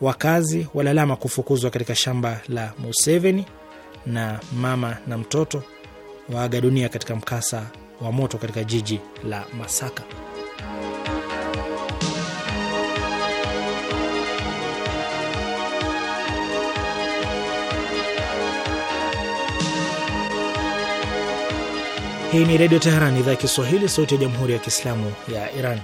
wakazi walalama kufukuzwa katika shamba la Museveni na mama na mtoto waaga dunia katika mkasa wa moto katika jiji la Masaka. Hii ni Redio Teheran, idhaa ya Kiswahili, sauti ya Jamhuri ya Kiislamu ya Iran.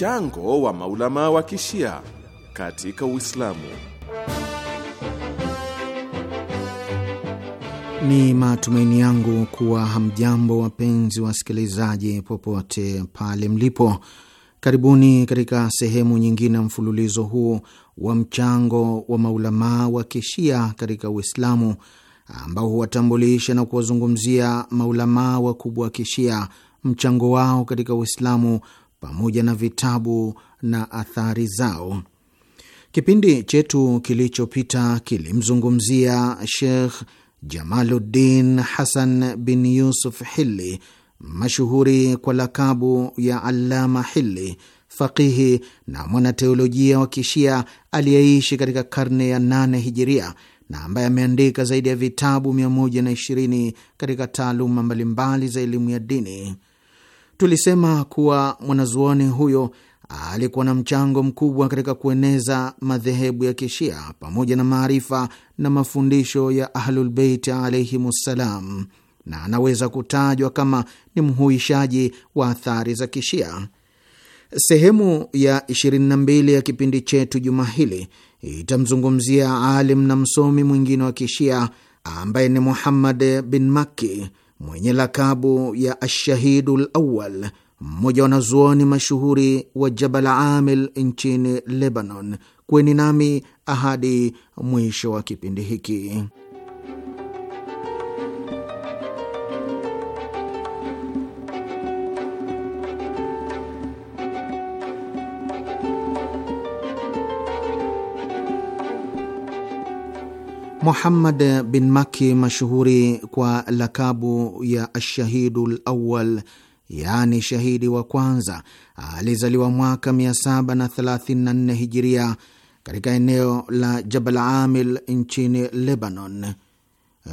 mchango wa maulama wa kishia katika Uislamu. Ni matumaini yangu kuwa hamjambo, wapenzi wasikilizaji, popote pale mlipo. Karibuni katika sehemu nyingine ya mfululizo huu wa mchango wa maulamaa wa kishia katika Uislamu, ambao huwatambulisha na kuwazungumzia maulamaa wakubwa wa kishia, mchango wao katika Uislamu pamoja na vitabu na athari zao. Kipindi chetu kilichopita kilimzungumzia Sheikh Jamaluddin Hasan bin Yusuf Hilli, mashuhuri kwa lakabu ya Allama Hilli, faqihi na mwanateolojia wa Kishia aliyeishi katika karne ya nane hijiria na ambaye ameandika zaidi ya vitabu 120 katika taaluma mbalimbali za elimu ya dini. Tulisema kuwa mwanazuoni huyo alikuwa na mchango mkubwa katika kueneza madhehebu ya Kishia pamoja na maarifa na mafundisho ya ahlulbeit alaihimussalam, na anaweza kutajwa kama ni mhuishaji wa athari za Kishia. Sehemu ya 22 ya kipindi chetu juma hili itamzungumzia alim na msomi mwingine wa Kishia ambaye ni Muhammad bin Makki mwenye lakabu ya Ashahidu Lawal, mmoja wanazuoni mashuhuri wa Jabal Amil nchini Lebanon. Kweni nami ahadi mwisho wa kipindi hiki. Muhammad bin Maki, mashuhuri kwa lakabu ya Ashahidu Lawal, yaani shahidi wa kwanza, alizaliwa mwaka 734 Hijiria katika eneo la Jabal Amil nchini Lebanon.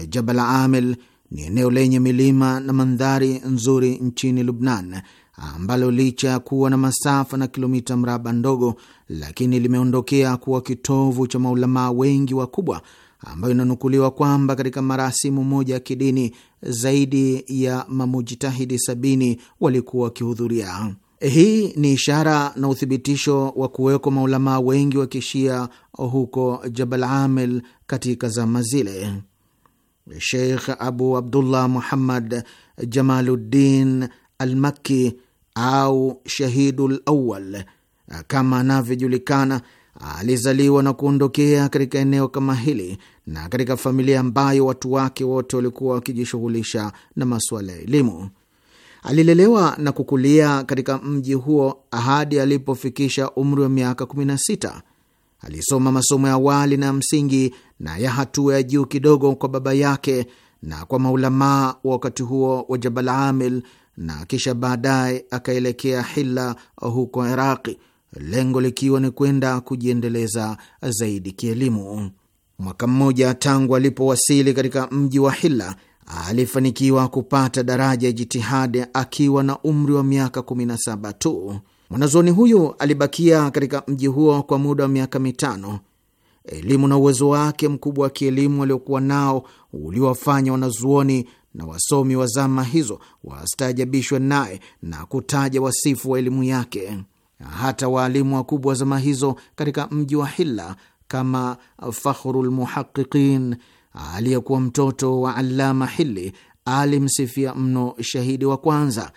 Jabal Amil ni eneo lenye milima na mandhari nzuri nchini Lubnan, ambalo licha ya kuwa na masafa na kilomita mraba ndogo, lakini limeondokea kuwa kitovu cha maulamaa wengi wakubwa ambayo inanukuliwa kwamba katika marasimu moja ya kidini zaidi ya mamujitahidi sabini walikuwa wakihudhuria. Hii ni ishara na uthibitisho wa kuwekwa maulamaa wengi wa kishia huko Jabal Amil katika zama zile. Sheikh Abu Abdullah Muhammad Jamaluddin Almakki au Shahidul Awal kama anavyojulikana alizaliwa na kuondokea katika eneo kama hili na katika familia ambayo watu wake wote walikuwa wakijishughulisha na masuala ya elimu. Alilelewa na kukulia katika mji huo hadi alipofikisha umri wa miaka 16. Alisoma masomo ya awali na ya msingi na ya hatua ya juu kidogo kwa baba yake na kwa maulamaa wa wakati huo wa Jabal Amil, na kisha baadaye akaelekea Hilla huko Iraqi lengo likiwa ni kwenda kujiendeleza zaidi kielimu. Mwaka mmoja tangu alipowasili katika mji wa Hilla, alifanikiwa kupata daraja ya jitihadi akiwa na umri wa miaka 17 tu. Mwanazuoni huyu alibakia katika mji huo kwa muda wa miaka mitano. Elimu na uwezo wake mkubwa wa kielimu aliokuwa nao uliwafanya wanazuoni na wasomi wa zama hizo wastaajabishwe naye na kutaja wasifu wa elimu yake hata waalimu wakubwa zama hizo katika mji wa Hilla kama Fakhrul Muhaqiqin aliyekuwa mtoto wa Allama Hili alimsifia mno shahidi wa kwanza,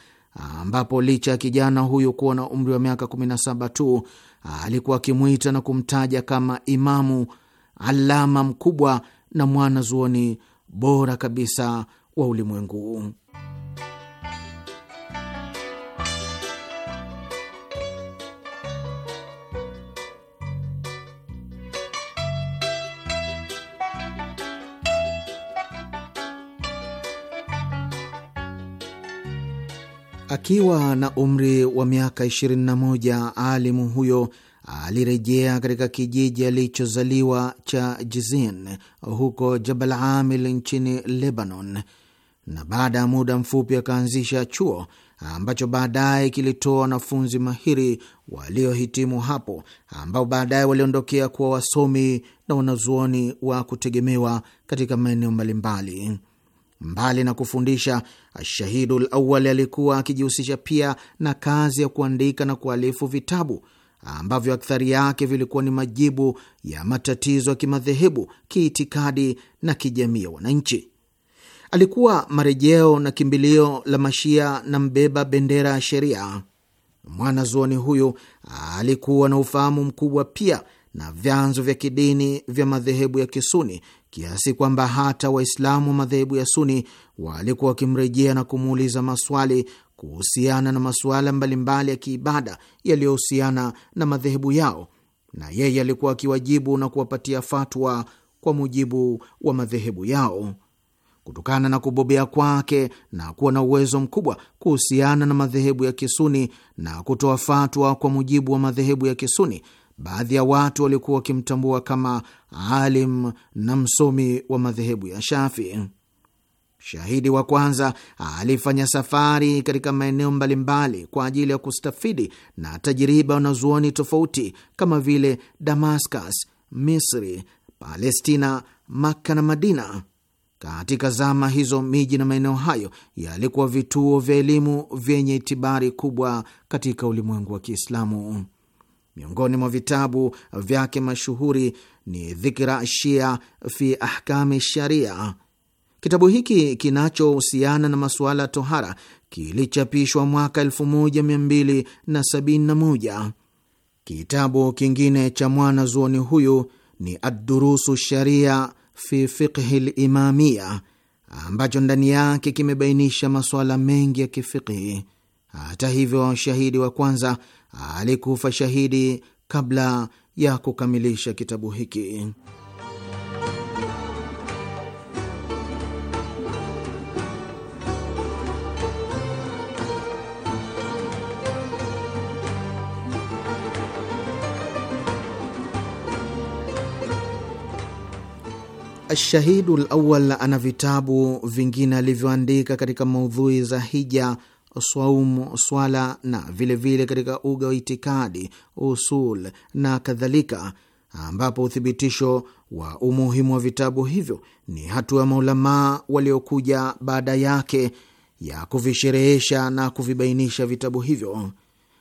ambapo licha ya kijana huyu kuwa na umri wa miaka 17 tu alikuwa akimwita na kumtaja kama imamu, alama mkubwa na mwanazuoni bora kabisa wa ulimwengu. Akiwa na umri wa miaka 21 alimu huyo alirejea katika kijiji alichozaliwa cha Jizin huko Jabal Amil nchini Lebanon, na baada ya muda mfupi akaanzisha chuo ambacho baadaye kilitoa wanafunzi mahiri waliohitimu hapo, ambao baadaye waliondokea kuwa wasomi na wanazuoni wa kutegemewa katika maeneo mbalimbali. Mbali na kufundisha, Ashahidu Lawali alikuwa akijihusisha pia na kazi ya kuandika na kualifu vitabu ambavyo akthari yake vilikuwa ni majibu ya matatizo ya kimadhehebu, kiitikadi na kijamii ya wananchi. Alikuwa marejeo na kimbilio la Mashia na mbeba bendera ya sheria. Mwanazuoni huyu alikuwa na ufahamu mkubwa pia na vyanzo vya kidini vya madhehebu ya Kisuni kiasi kwamba hata Waislamu wa madhehebu ya Suni walikuwa wakimrejea na kumuuliza maswali kuhusiana na masuala mbalimbali ya kiibada yaliyohusiana na madhehebu yao, na yeye alikuwa akiwajibu na kuwapatia fatwa kwa mujibu wa madhehebu yao. Kutokana na kubobea kwake na kuwa na uwezo mkubwa kuhusiana na madhehebu ya Kisuni na kutoa fatwa kwa mujibu wa madhehebu ya Kisuni, baadhi ya watu walikuwa wakimtambua kama alim na msomi wa madhehebu ya shafi Shahidi wa kwanza alifanya safari katika maeneo mbalimbali kwa ajili ya kustafidi na tajiriba wanazuoni tofauti kama vile Damascus, Misri, Palestina, Makka na Madina. Katika zama hizo, miji na maeneo hayo yalikuwa vituo vya elimu vyenye itibari kubwa katika ulimwengu wa Kiislamu. Miongoni mwa vitabu vyake mashuhuri ni Dhikra Shia fi Ahkami Sharia. Kitabu hiki kinachohusiana na masuala ya tohara kilichapishwa mwaka 1271. Kitabu kingine cha mwanazuoni huyu ni Addurusu Sharia fi Fiqhi Limamia, ambacho ndani yake kimebainisha masuala mengi ya kifiqhi. Hata hivyo, shahidi wa kwanza alikufa shahidi kabla ya kukamilisha kitabu hiki. Ashahidu Lawal ana vitabu vingine alivyoandika katika maudhui za hija swaumu, swala na vilevile vile katika uga wa itikadi, usul na kadhalika, ambapo uthibitisho wa umuhimu wa vitabu hivyo ni hatua ya maulamaa waliokuja baada yake ya kuvisherehesha na kuvibainisha vitabu hivyo.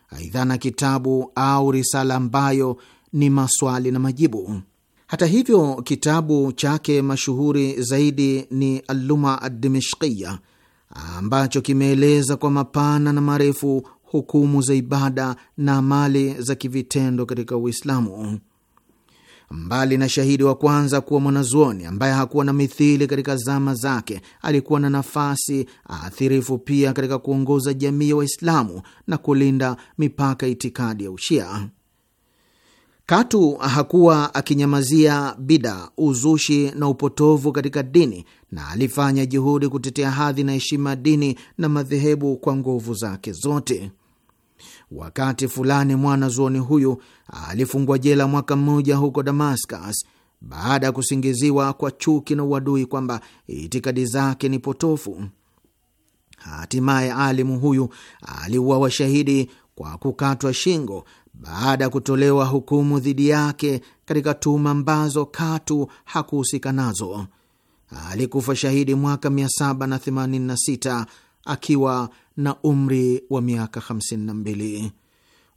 Aidha, na kitabu au risala ambayo ni maswali na majibu. Hata hivyo, kitabu chake mashuhuri zaidi ni Alluma Adimishkiya ambacho kimeeleza kwa mapana na marefu hukumu za ibada na amali za kivitendo katika Uislamu. Mbali na shahidi wa kwanza kuwa mwanazuoni ambaye hakuwa na mithili katika zama zake, alikuwa na nafasi athirifu pia katika kuongoza jamii ya wa Waislamu na kulinda mipaka itikadi ya Ushia. Katu hakuwa akinyamazia bida, uzushi na upotovu katika dini na alifanya juhudi kutetea hadhi na heshima dini na madhehebu kwa nguvu zake zote. Wakati fulani mwana zuoni huyu alifungwa jela mwaka mmoja huko Damascus baada ya kusingiziwa kwa chuki na uadui kwamba itikadi zake ni potofu. Hatimaye alimu huyu aliuawa shahidi kwa kukatwa shingo baada ya kutolewa hukumu dhidi yake katika tuhuma ambazo katu hakuhusika nazo alikufa shahidi mwaka 786 akiwa na umri wa miaka 52.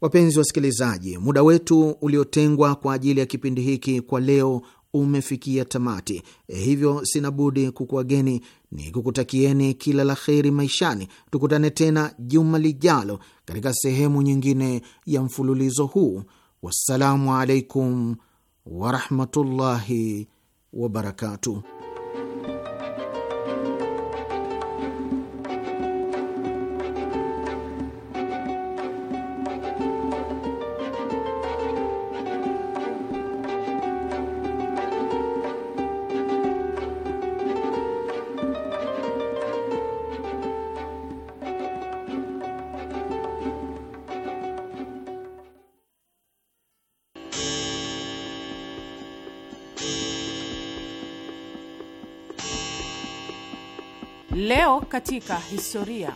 Wapenzi wasikilizaji, muda wetu uliotengwa kwa ajili ya kipindi hiki kwa leo umefikia tamati, e, hivyo sina budi kukuageni ni kukutakieni kila la kheri maishani. Tukutane tena juma lijalo katika sehemu nyingine ya mfululizo huu. Wassalamu alaikum warahmatullahi wabarakatuh. katika historia.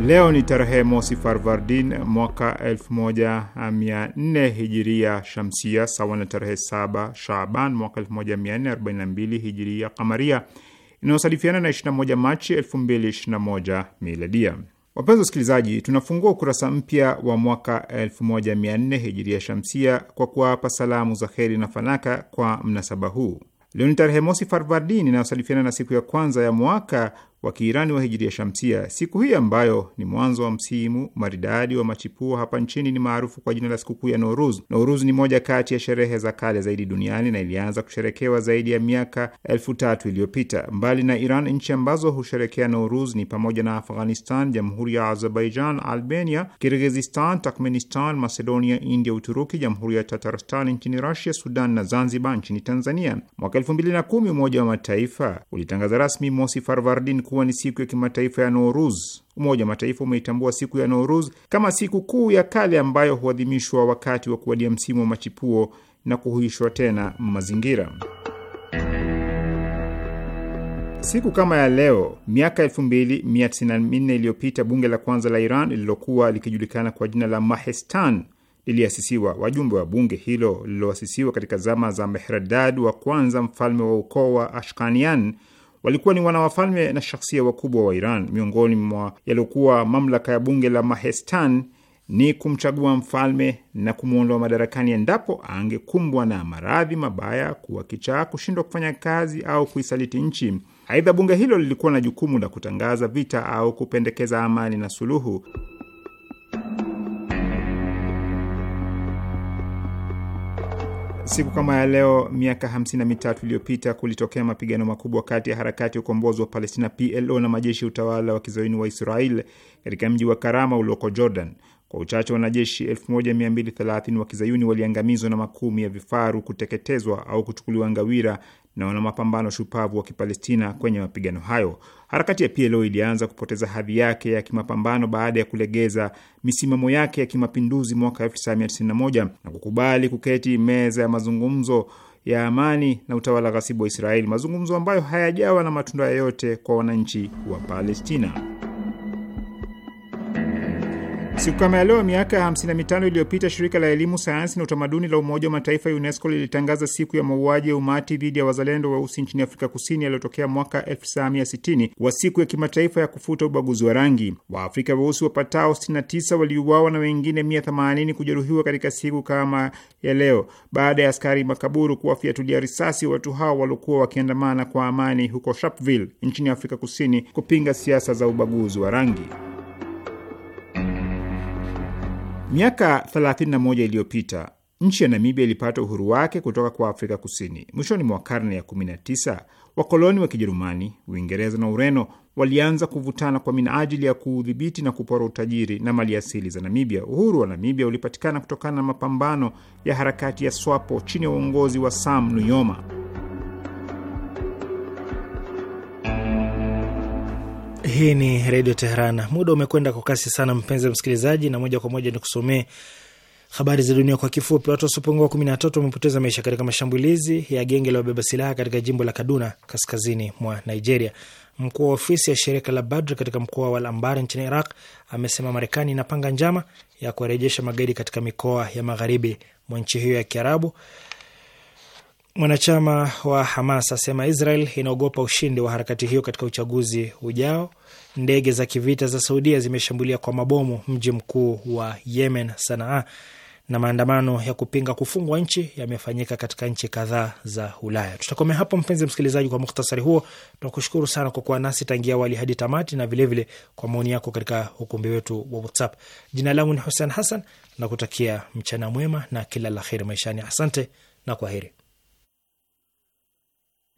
Leo ni tarehe mosi Farvardin mwaka 1404 hijiria shamsia, sawa na tarehe 7 Shaban mwaka 1442 hijiria kamaria, inayosalifiana na 21 Machi 2021 miladia. Wapenzi wasikilizaji, tunafungua ukurasa mpya wa mwaka 14 hijiria shamsia kwa kuwapa salamu za heri na fanaka kwa mnasaba huu. Leo ni tarehe mosi Farvardin inayosalifiana na siku ya kwanza ya mwaka wa Kiirani wa hijiria shamsia. Siku hii ambayo ni mwanzo wa msimu maridadi wa machipuo hapa nchini ni maarufu kwa jina la sikukuu ya Noruz. Noruz ni moja kati ya sherehe za kale zaidi duniani na ilianza kusherekewa zaidi ya miaka elfu tatu iliyopita. Mbali na Iran, nchi ambazo husherekea Noruz ni pamoja na Afghanistan, Jamhuri ya Azerbaijan, Albania, Kirgizistan, Turkmenistan, Macedonia, India, Uturuki, Jamhuri ya Tatarstan nchini Rusia, Sudan na Zanzibar nchini Tanzania. Mwaka elfu mbili na kumi Umoja wa Mataifa ulitangaza rasmi Mosi Farvardin kuwa ni siku ya kimataifa ya Nowruz. Umoja wa Mataifa umeitambua siku ya Nowruz kama siku kuu ya kale ambayo huadhimishwa wakati wa kuwadia msimu wa machipuo na kuhuishwa tena mazingira. Siku kama ya leo miaka 2094 iliyopita bunge la kwanza la Iran lililokuwa likijulikana kwa jina la Mahestan liliasisiwa. Wajumbe wa bunge hilo lililoasisiwa katika zama za Mehrdad wa kwanza, mfalme wa ukoo wa Ashkanian, walikuwa ni wanawafalme na shahsia wakubwa wa Iran. Miongoni mwa yaliokuwa mamlaka ya bunge la Mahestan ni kumchagua mfalme na kumwondoa madarakani endapo angekumbwa na maradhi mabaya, kuwa kichaa, kushindwa kufanya kazi au kuisaliti nchi. Aidha, bunge hilo lilikuwa na jukumu la kutangaza vita au kupendekeza amani na suluhu. Siku kama ya leo miaka 53 iliyopita kulitokea mapigano makubwa kati ya harakati ya ukombozi wa Palestina PLO na majeshi ya utawala wa kizoini wa Israel katika mji wa Karama ulioko Jordan. Kwa uchache wanajeshi 1230 wa kizayuni waliangamizwa na makumi ya vifaru kuteketezwa au kuchukuliwa ngawira na wanamapambano shupavu wa Kipalestina kwenye mapigano hayo. Harakati ya PLO ilianza kupoteza hadhi yake ya kimapambano baada ya kulegeza misimamo yake ya kimapinduzi mwaka 1991 na kukubali kuketi meza ya mazungumzo ya amani na utawala ghasibu wa Israeli, mazungumzo ambayo hayajawa na matunda yoyote kwa wananchi wa Palestina. Siku kama ya leo miaka 55 iliyopita shirika la elimu, sayansi na utamaduni la Umoja wa Mataifa UNESCO lilitangaza siku ya mauaji ya umati dhidi ya wazalendo weusi nchini Afrika Kusini yaliyotokea mwaka 1960 wa siku ya kimataifa ya kufuta ubaguzi wa rangi. Waafrika weusi wapatao 69 waliuawa na wengine 180 kujeruhiwa katika siku kama ya leo baada ya askari makaburu kuwafiatulia risasi watu hao waliokuwa wakiandamana kwa amani huko Sharpeville nchini Afrika Kusini kupinga siasa za ubaguzi wa rangi. Miaka 31 iliyopita nchi ya Namibia ilipata uhuru wake kutoka kwa Afrika Kusini. Mwishoni mwa karne ya 19, wakoloni wa Kijerumani, Uingereza na Ureno walianza kuvutana kwa minajili ya kuudhibiti na kupora utajiri na mali asili za Namibia. Uhuru wa Namibia ulipatikana kutokana na mapambano ya harakati ya SWAPO chini ya uongozi wa Sam Nujoma. Hii ni Redio Teheran. Muda umekwenda kwa kasi sana, mpenzi msikilizaji, na moja kwa moja ni kusomee habari za dunia kwa kifupi. Watu wasiopungua kumi na tatu wamepoteza maisha katika mashambulizi ya genge la wabeba silaha katika jimbo la Kaduna, kaskazini mwa Nigeria. Mkuu wa ofisi ya shirika la Badr katika mkoa wa Lambar nchini Iraq amesema Marekani inapanga njama ya kuwarejesha magaidi katika mikoa ya magharibi mwa nchi hiyo ya Kiarabu. Mwanachama wa Hamas asema Israel inaogopa ushindi wa harakati hiyo katika uchaguzi ujao ndege za kivita za Saudia zimeshambulia kwa mabomu mji mkuu wa Yemen, Sanaa, na maandamano ya kupinga kufungwa nchi yamefanyika katika nchi kadhaa za Ulaya. Tutakomea hapo mpenzi msikilizaji, kwa muhtasari huo. Tunakushukuru sana kwa kuwa nasi tangia awali hadi tamati, na vilevile vile kwa maoni yako katika ukumbi wetu wa WhatsApp. Jina langu ni Hussein Hassan nakutakia mchana mwema na kila la heri maishani. Asante na kwa heri.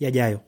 yajayo.